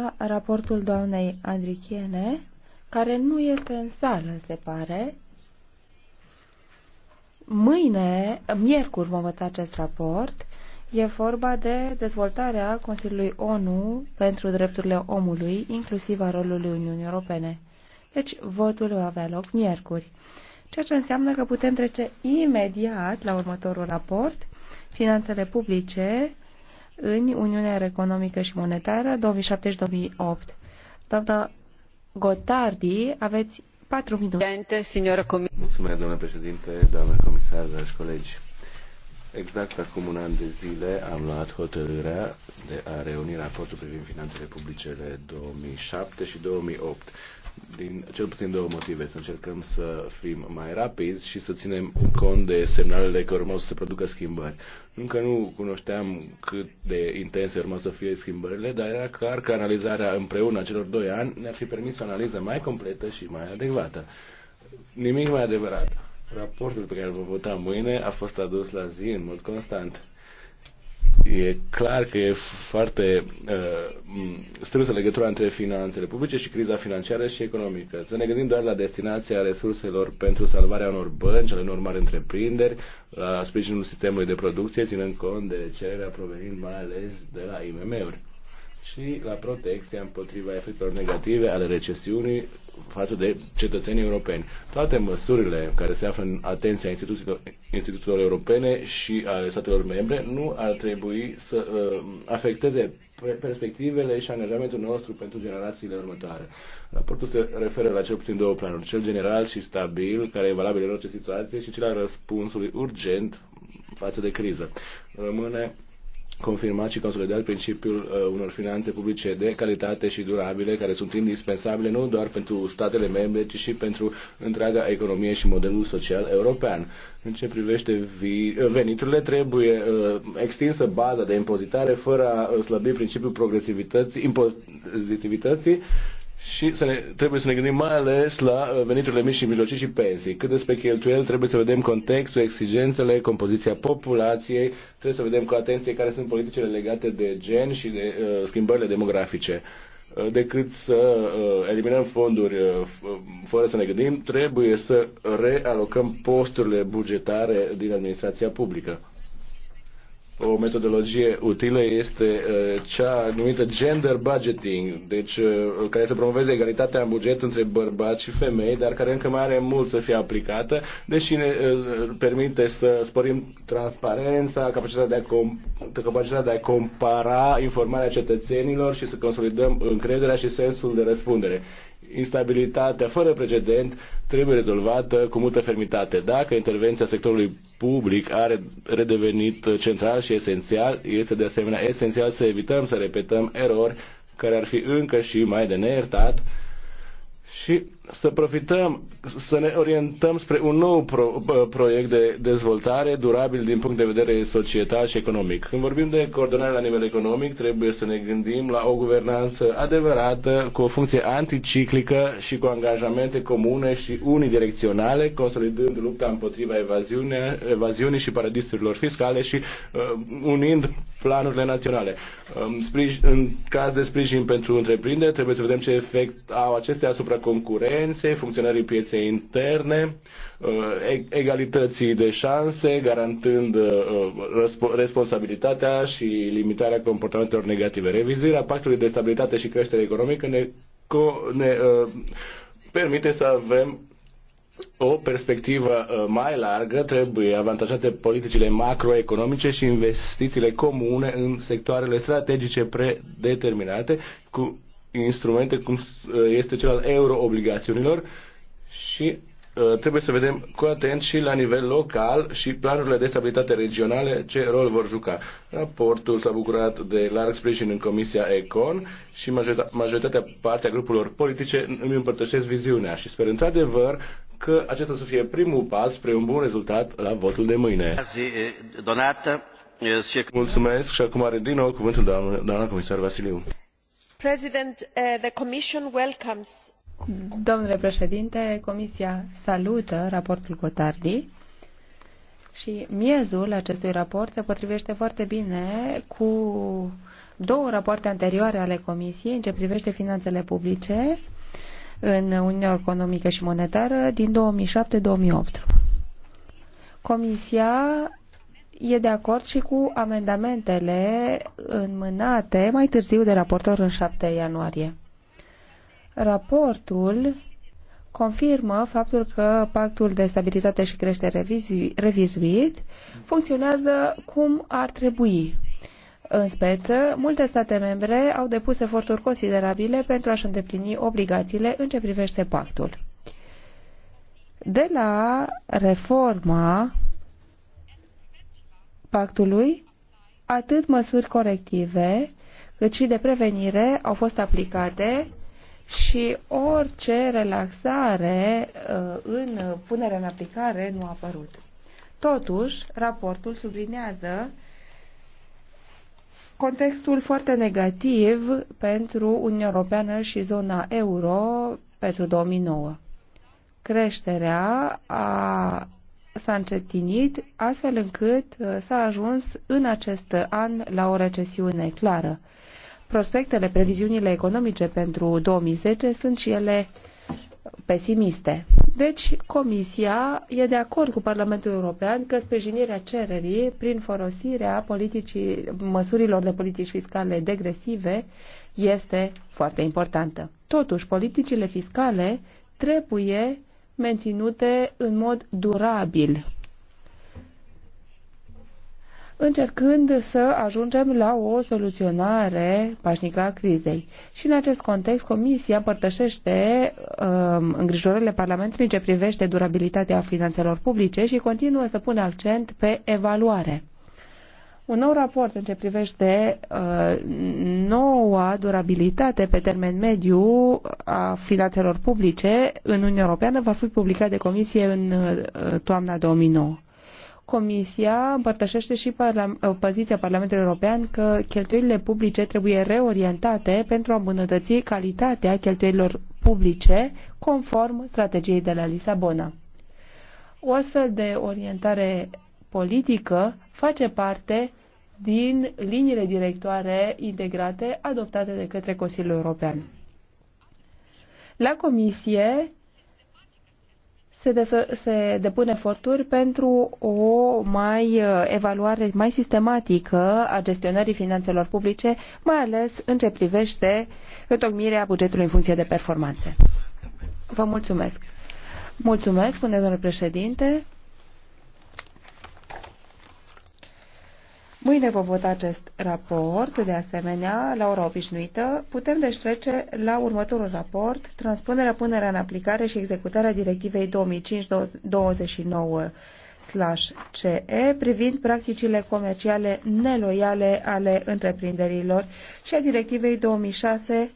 la raportul doamnei Andrichiene, care nu este în sală, se pare. Mâine, miercuri, vom vota acest raport. E vorba de dezvoltarea Consiliului ONU pentru drepturile omului, inclusiv a rolului Uniunii Europene. Deci, votul va avea loc miercuri. Ceea ce înseamnă că putem trece imediat la următorul raport, finanțele publice, în Uniunea Economică și Monetară 2007-2008. Doamna Gotardi, aveți patru minute. Mulțumesc, doamnă președinte, doamnă comisar, dragi colegi. Exact acum un an de zile am luat hotărârea de a reuni raportul privind finanțele publicele 2007 și 2008 din cel puțin două motive, să încercăm să fim mai rapizi și să ținem cont de semnalele că urmau să se producă schimbări. Încă nu cunoșteam cât de intense urmau să fie schimbările, dar era clar că analizarea împreună a celor doi ani ne-ar fi permis o analiză mai completă și mai adecvată. Nimic mai adevărat. Raportul pe care îl vom vota mâine a fost adus la zi în mod constant E clar că e foarte uh, strânsă legătura între finanțele publice și criza financiară și economică. Să ne gândim doar la destinația resurselor pentru salvarea unor bănci, ale unor mari întreprinderi, la sprijinul sistemului de producție, ținând cont de cererea provenind mai ales de la IMM-uri și la protecția împotriva efectelor negative ale recesiunii față de cetățenii europeni. Toate măsurile care se află în atenția instituțiilor, instituțiilor europene și ale statelor membre nu ar trebui să uh, afecteze perspectivele și angajamentul nostru pentru generațiile următoare. Raportul se referă la cel puțin două planuri, cel general și stabil, care e valabil în orice situație, și cel al răspunsului urgent față de criză. Rămâne confirmat și consolidat principiul uh, unor finanțe publice de calitate și durabile, care sunt indispensabile nu doar pentru statele membre, ci și pentru întreaga economie și modelul social european. În ce privește uh, veniturile, trebuie uh, extinsă baza de impozitare fără a uh, slăbi principiul progresivității, impozitivității și să ne, trebuie să ne gândim mai ales la uh, veniturile mici și mijlocii și pensii. Cât despre cheltuieli, trebuie să vedem contextul, exigențele, compoziția populației, trebuie să vedem cu atenție care sunt politicile legate de gen și de uh, schimbările demografice. Uh, decât să uh, eliminăm fonduri uh, uh, fără să ne gândim, trebuie să realocăm posturile bugetare din administrația publică o metodologie utilă este uh, cea numită gender budgeting, deci uh, care să promoveze egalitatea în buget între bărbați și femei, dar care încă mai are mult să fie aplicată, deși ne uh, permite să sporim transparența, capacitatea de a, capacitatea de a compara informarea cetățenilor și să consolidăm încrederea și sensul de răspundere instabilitatea fără precedent trebuie rezolvată cu multă fermitate. Dacă intervenția sectorului public are redevenit central și esențial, este de asemenea esențial să evităm să repetăm erori care ar fi încă și mai de neiertat și să profităm, să ne orientăm spre un nou pro, proiect de dezvoltare durabil din punct de vedere societal și economic. Când vorbim de coordonare la nivel economic, trebuie să ne gândim la o guvernanță adevărată, cu o funcție anticiclică și cu angajamente comune și unidirecționale, consolidând lupta împotriva evaziunii și paradisurilor fiscale și uh, unind planurile naționale. Um, în caz de sprijin pentru întreprinde, trebuie să vedem ce efect au acestea asupra concurenței competențe, funcționării pieței interne, uh, egalității de șanse, garantând uh, responsabilitatea și limitarea comportamentelor negative. Revizuirea Pactului de Stabilitate și Creștere Economică ne, ne uh, permite să avem o perspectivă mai largă, trebuie avantajate politicile macroeconomice și investițiile comune în sectoarele strategice predeterminate cu instrumente cum uh, este cel al euroobligațiunilor și uh, trebuie să vedem cu atenție și la nivel local și planurile de stabilitate regionale ce rol vor juca. Raportul s-a bucurat de larg sprijin în Comisia Econ și majoritatea partea grupurilor politice îmi împărtășesc viziunea și sper într-adevăr că acesta să fie primul pas spre un bun rezultat la votul de mâine. Eh, eh, Mulțumesc și acum are din nou cuvântul doamna, doamna comisar Vasiliu Uh, Domnule președinte, Comisia salută raportul Cotardi și miezul acestui raport se potrivește foarte bine cu două rapoarte anterioare ale Comisiei în ce privește finanțele publice în Uniunea Economică și Monetară din 2007-2008. Comisia e de acord și cu amendamentele înmânate mai târziu de raportor în 7 ianuarie. Raportul confirmă faptul că pactul de stabilitate și creștere revizuit funcționează cum ar trebui. În speță, multe state membre au depus eforturi considerabile pentru a-și îndeplini obligațiile în ce privește pactul. De la reforma pactului, atât măsuri corective, cât și de prevenire au fost aplicate și orice relaxare uh, în punerea în aplicare nu a apărut. Totuși, raportul sublinează contextul foarte negativ pentru Uniunea Europeană și zona euro pentru 2009. Creșterea a s-a încetinit, astfel încât uh, s-a ajuns în acest an la o recesiune clară. Prospectele, previziunile economice pentru 2010 sunt și ele pesimiste. Deci, Comisia e de acord cu Parlamentul European că sprijinirea cererii prin folosirea politicii, măsurilor de politici fiscale degresive este foarte importantă. Totuși, politicile fiscale trebuie menținute în mod durabil, încercând să ajungem la o soluționare pașnică a crizei. Și în acest context, Comisia părtășește um, îngrijorările Parlamentului ce privește durabilitatea finanțelor publice și continuă să pună accent pe evaluare un nou raport în ce privește uh, noua durabilitate pe termen mediu a finanțelor publice în Uniunea Europeană va fi publicat de Comisie în uh, toamna 2009. Comisia împărtășește și parla- uh, poziția Parlamentului European că cheltuielile publice trebuie reorientate pentru a îmbunătăți calitatea cheltuielilor publice conform strategiei de la Lisabona. O astfel de orientare politică face parte din liniile directoare integrate adoptate de către Consiliul European. La Comisie se, de- se depun eforturi pentru o mai uh, evaluare mai sistematică a gestionării finanțelor publice, mai ales în ce privește întocmirea bugetului în funcție de performanțe. Vă mulțumesc. Mulțumesc, spune domnul președinte. Mâine vom vota acest raport, de asemenea, la ora obișnuită. Putem deci trece la următorul raport, transpunerea, punerea în aplicare și executarea directivei 2005-29 CE privind practicile comerciale neloiale ale întreprinderilor și a directivei 2006